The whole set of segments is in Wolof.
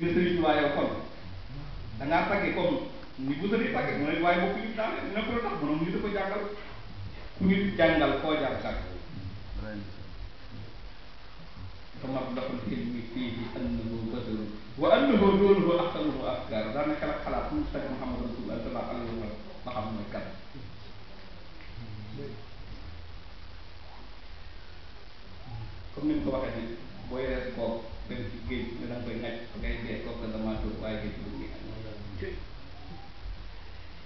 ñu sëriñ Tuubaa yow kon dangaa tagge comme ni bu sëriñ tagge mu ne waaye bokk ñu daane ne ko tax mu ne mu ngi ko jàngal ku nit jàngal koo jàng tàgg kama laxul ilmi fiihi annahu basarun wa annahu loonuhu ahsanuhu afkaar daanaka la xalaat mu tagg Muhammad Rasulullah sallallahu alayhi wa sallam ba xam mooy kan comme ni mu ko waxee ni boo yoree koog dem ci géej gi danga koy laaj ngay dee kooku damaa tuub waaye géej gi muy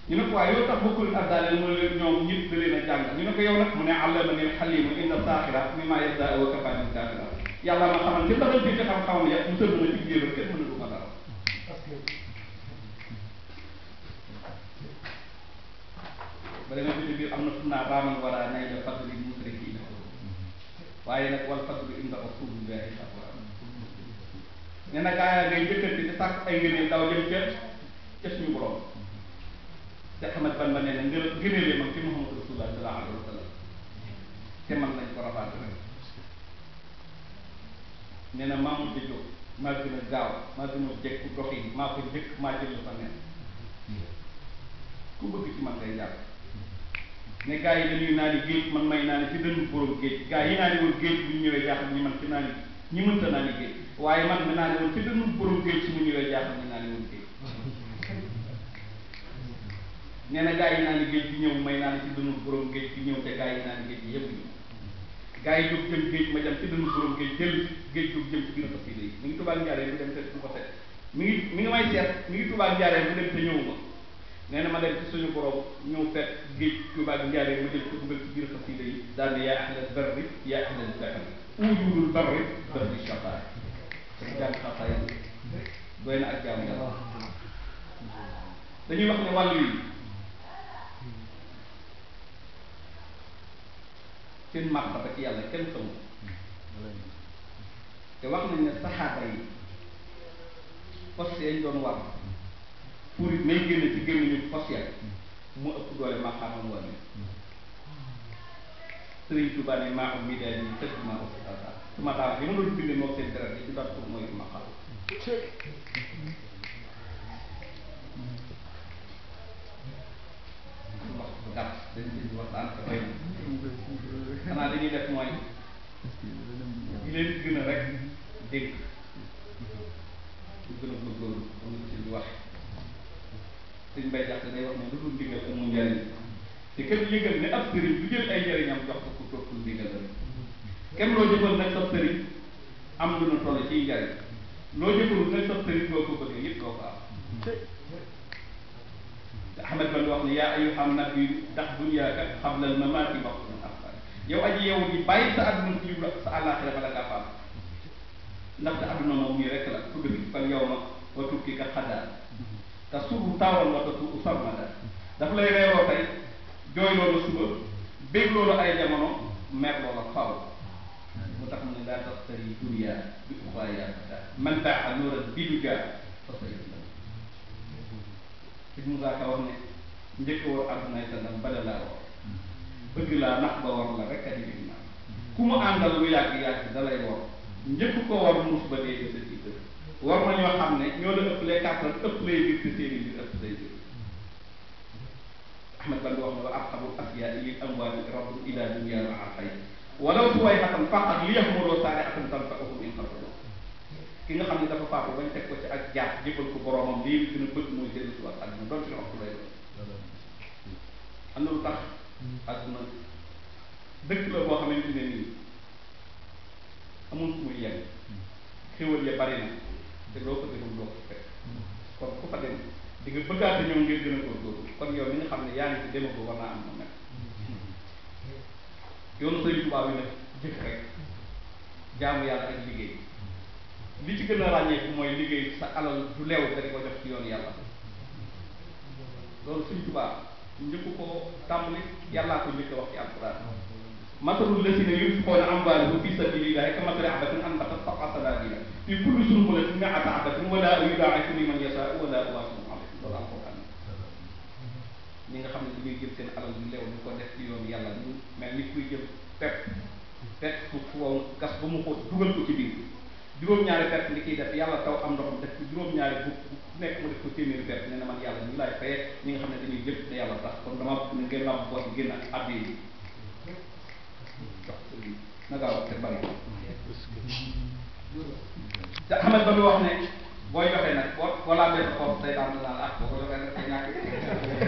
ñu ne ko waaye yow tax bokkul abdaale mu ne ñoom nit da leen a jàng ñu ne ko yow nag mu ne allama ni xalimu inna saaxira mi maa yabda wa kafa min saaxira yàlla ma xamal ci ndaxal bi ci xam-xamam yàpp mu tëdd na ci jéem a kenn mënu ko dara ba demee ci biir am na sunna raaman wara nay la fadli musrikiina waaye nag wal fadlu inda rasulillahi nee na gaa ngay jëkkante di sàkk ay ngëneel daw jëm ca ca suñu borom te Ahmad Bamba nee na ngë ngëneelee mag ci Muhammadu Rasulullah sallallahu alayhi wa sallam te man nañ ko rafaat rek nee na Mamour Diop maa gën a gaaw maa gën a jekk dox yi maa ko njëkk maa jël lu fa nekk ku bëgg ci man ngay jàpp ne gaa yi dañuy naan géej man may naan ci dënnu borom géej gaa yi naan woon géej bu ñu ñëwee jaaxal ñi man ci naan ñi mënta naa liggéey waaye man mën naa ne woon ci dënnu borom géej su ma mën naa ne woon géej nee na gaa yi naan géej gi ñëw may naan ci dënnu borom géej gi ñëw te gaa yi naan géej gi yëpp jëm géej ma dem ci dënnu borom géej jël géej jëm ci biir fas yi mi ngi tubaab njaaree bu dem te du ko seet mi ngi mi ngi may seet mi ngi tubaab njaaree bu dem te na ma dem ci suñu borom ñëw fekk géej tubaab njaaree ma jël ko dugal ci biir fas yi daal wujudul barri barri shafaay seen jàng xafaay doy na ak jaamu yàlla dañuy wax ne wàllu yi seen martaba ci yàlla kenn xamul te wax ne saxaaba yi fos yañ doon war pour it may génn ci gémmiñu fos ya mu ëpp doole Sëriñ Tuuba ne maa ko mii daal di tëdd ko si tata su ma taal li ma doon bind moom dara di ci dox mooy ma xaw wax bu gàtt def di rek dégg ci wax day wax ne lu te yëgal ne ab sëriñ bu jël ay jox ko kem loo jëfal nag sax sëriñ am lu na toll ciy njariñ loo jëfalul nag sax sëriñ boo ko bëggee yëpp doo ko am Ahmed Bal wax ne yaa ayyuhan nabiyyu dax dunyaaka qabla al mamaati wax na afkar yow aji yow bi bàyyi sa adduna ci jublu sa àllaaxira bala ngaa faam ndaxte adduna moom nii rek la ku dëkk fal yow wa tukki ka xaddaar te suufu taawal wa te suufu sarmada daf lay reeroo tey jooy loolu suba bég loolu ay jamono mer loola faw tax mu ne laa taxtari dunya bi uxraya man baaxa nooran bi du jaar fasayit la sëñ Moussa Ka wax ne njëkk war àdduna sa ndam bala laa war bëgg laa nax ba war la rek a digg naa ku mu àndal lu yàgg yàgg dalay war njëkk ko war muus ba dee ba sa ci kër war na ñoo xam ne ñoo la ëpp lay kàttan ëpp lay biir te seeni biir ëpp say biir Ahmed Bande wax na wa arxabu asiyaa lil amwaali rabbu ila dunya wa arxay walaw suwayxatan xam faqat li yaxmuloo saariatan tanfa'uhu in xarfaloo ki nga xam ne dafa faatu bañ teg ko ci ak jaar jëfal ko boromam lii gën a bëgg mooy dellu si waat àdduna doon ci waxtu lay doon am na lu tax àdduna dëkk la boo xamante ne nii amul fu muy yem xéwal ya bari na te loo ko deful doo ko fekk kon ku fa dem di nga bëggaate ñëw ngir gën a góorgóorlu kon yow mi nga xam ne yaa ngi ci demagoo war naa am na mel yoonu sëñ Tuubaa bi nag jëf rek jaamu yàlla ak liggéey li ci gën a ràññeeku mooy liggéey sa alal du leew nga di ko jox ci yoonu yàlla loolu sëñ Tuubaa njëkku ko tàmbali yàllaa ko njëkk a wax ci alxuraan matalul lazina yunfiquuna amwaalahum fii sabiilillaahi kamatali habatin anbatat sab'a sanaabil fii kulli sunbulatin mi'ata habatin wa laa yudaa'ifu liman yashaa'u wa laa yuhaasibu alayhi loolu alxuraan ñi nga xam ne dañuy jël seen alal bu leew di ko def ci yoonu yàlla ñu mel ni kuy jël pepp pepp fu foo gas ba mu xóot dugal ko ci biir juróom-ñaari pepp li ki def yàlla taw am ndoxam def ci juróom-ñaari bu nekk mu def ko téeméeri pepp nee na man yàlla ñu laay fayee ñi nga xam ne dañuy jël te yàlla tax kon dama ngeen la boos génn ak addi yi jox na gaaw te bari te xamal ba mu wax ne boo joxee nag boo boo laajee sa xool day daal na laal ah boo ko joxee nag day ñàkk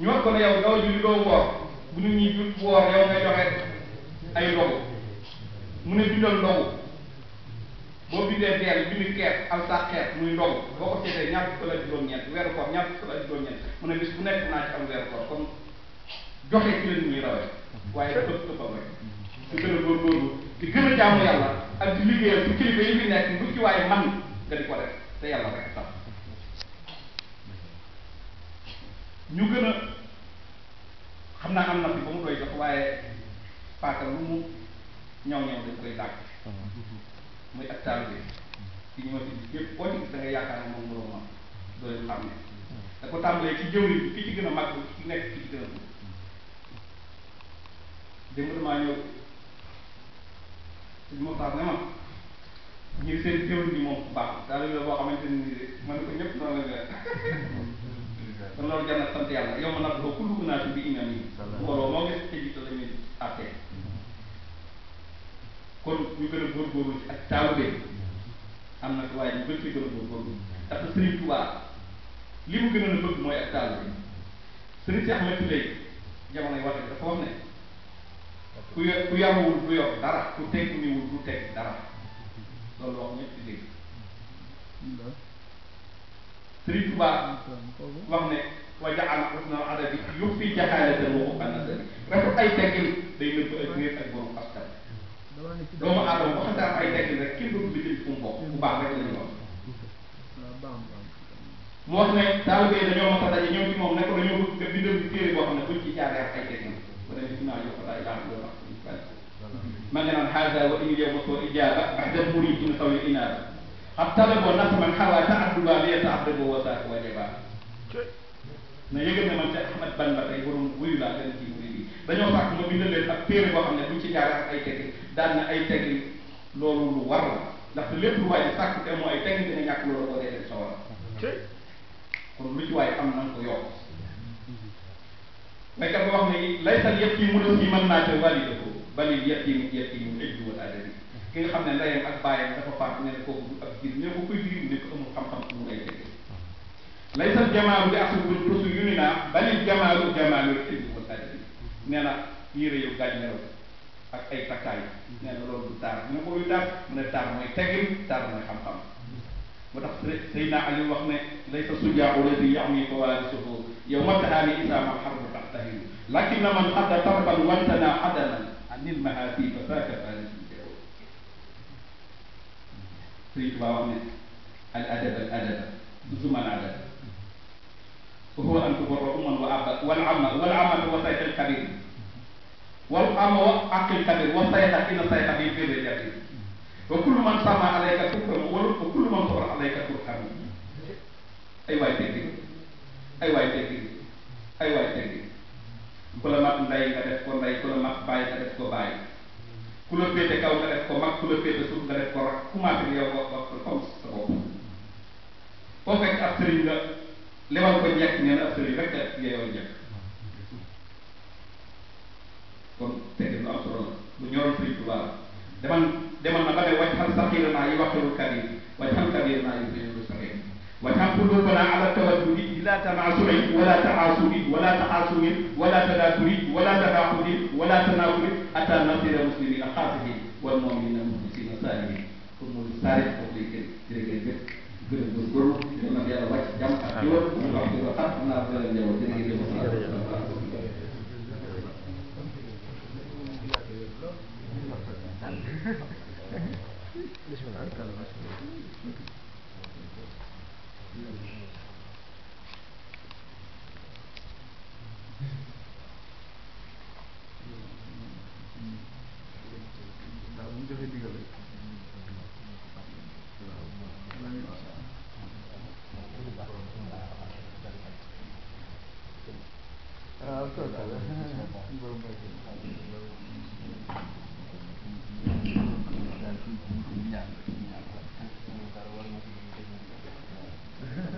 ñu wax ko ne yow doo julli doo woor bu nit ñi jul woor yow ngay joxe ay ndogu mu ne bindal ndogu boo bindee teel bind keer al sax xeet muy ndogu boo ko seetee ñaar fukk la juróom-ñeent weeru koor ñaar fukk la mu ne bis bu nekk naa ci am weeru koor kon joxe ci la nit ñuy rawee waaye gën a góorgóorlu a jaamu yàlla ak di liggéeyal nekk bu ci man nga di ko def te yàlla rek tax gën xam naa am na fi ba mu doy jox waaye paaka lu mu ñaw ñaw dañ koy dàgg muy ak taal bi ci ñu ma tudd yëpp boo ci gis da nga yaakaar ne moom moroom ma doole xam ne da ko tàmbalee ci jëwriñ ki ci gën a mag ki ci nekk ki ci gën a tudd démb damaa ñëw suñu moxtaar ne ma ñu seen jëwriñ bi moom baax daal la boo xamante ni man ko ñëpp noonu la kon loolu jar na sant yàlla yow ma nag loo naa si bi imaam yi mbooloo moo ngi ci jiite la ñuy àttee kon ñu gën a góorgóorlu ci ak taawubee am na waaye ñu gën ci gën a góorgóorlu ndax Sëriñ li mu gënoon a bëgg mooy ak taawubee Sëriñ Seex Ahmadu léegi jamonoy wax dafa wax ne ku yo ku yamuwul dara ku tegg niwul du dara loolu wax ñëpp ci Sëriñ Tuubaa wax ne wa jaala xusnal adabi yux fi jaxaalata wuquqa nasabi rafet ay teggin day nëbb ak réer ak borom askan doomu aadama boo xam ne am ay teggin rek kenn dootu liggéey fu mu bokk bu baax rek la ñu wax mu wax ne taalibe yi dañoo mos a daje ñoom ci moom ne ko dañoo bëgg nga bindal ci téere boo xam ne buñ ci jaaree ak ay teggin ba demee ci naa yokk daay daal loolu wax ma nga naan xaalis daal wa in yow ma soo ijaaba baxdal murid ci na saw yi inaaba الطلب ونقما حوى تعبدا ليتعبد وذاك وجبا na yëgal a man ci a Bamba tey borom wuyu laa gën ci murid yi dañoo fàkk ma bindal leen ak téere boo xam ne buñ ci jaar ak ay teggi daan na ay teggi loolu lu la ndaxte lépp lu waaye sàkk te moo ay teggi dina ñàkk loolu boo dee dem sawara kon lu ci waaye am na nga ko yokk baykat boo xam ne lay sal yëpp yi mu def yi mën naa te valide ko bali yëpp yi yëpp yi mu ëjjuwal adari ki nga xam ne ndeyam ak bàyyam dafa faat ne kooku ak gis ñoo ko koy firi mu nekk amul xam-xam mu amul ay lay sa jamaa bi aslu bi rusu yu ni naa bali jamaalu jamaalu ilmi wal adabi nee na yére yu gàññeew ak ay takkaay nee na loolu du taar ñu ko luy taar mu ne taar mooy tegin taar mooy xam-xam moo tax Seydina Ali wax ne lay sa di laysa sujaau ladi yaxmi fawalisuhu yow ma matahaani isaama xarbu taxtahin lakin man xadda tarban wantana adanan anil mahaati fa saaka سيد Tuubaa الأدب الأدب al adaba al adaba وهو أن تبر أما وأبا والعم هو سيد الكبير والعم وأخي الكبير وصيت سيد الكبير في بر وكل من سمع عليك تكرم وكل من صبر عليك ترحم أيوة تيكي أيوة تكرم أيوة تكرم كل ما تندعي كدف كل ما تندعي كل ما تبعي كدف كبعي ku la féete kaw nga def ko mag ku la féete suuf nga def ko rak commencé bi yow wax wax comme sa bopp foo fekk ab sëriñ la lewal ko njëkk nee na ab sëriñ rek da yeyoon njëkk kon tey lu am solo la lu ñoroon sëriñ Tuubaa demal demal na ba ne waj xam saxiira naa yi waxtalul kabiir waj xam kabiir naa yi وكان قلوبنا على التوجد لا تناصر ولا تعاصر ولا تحاصر ولا تناكر ولا تناقض ولا تناكر حتى نصير المسلمين خاصين والمؤمنين المخلصين صالحين ثم نستعرف قبلك جرجل جرجل جرجل جرجل جرجل جرجل جرجل جرجل جرجل جرجل جرجل Thank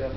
Ja.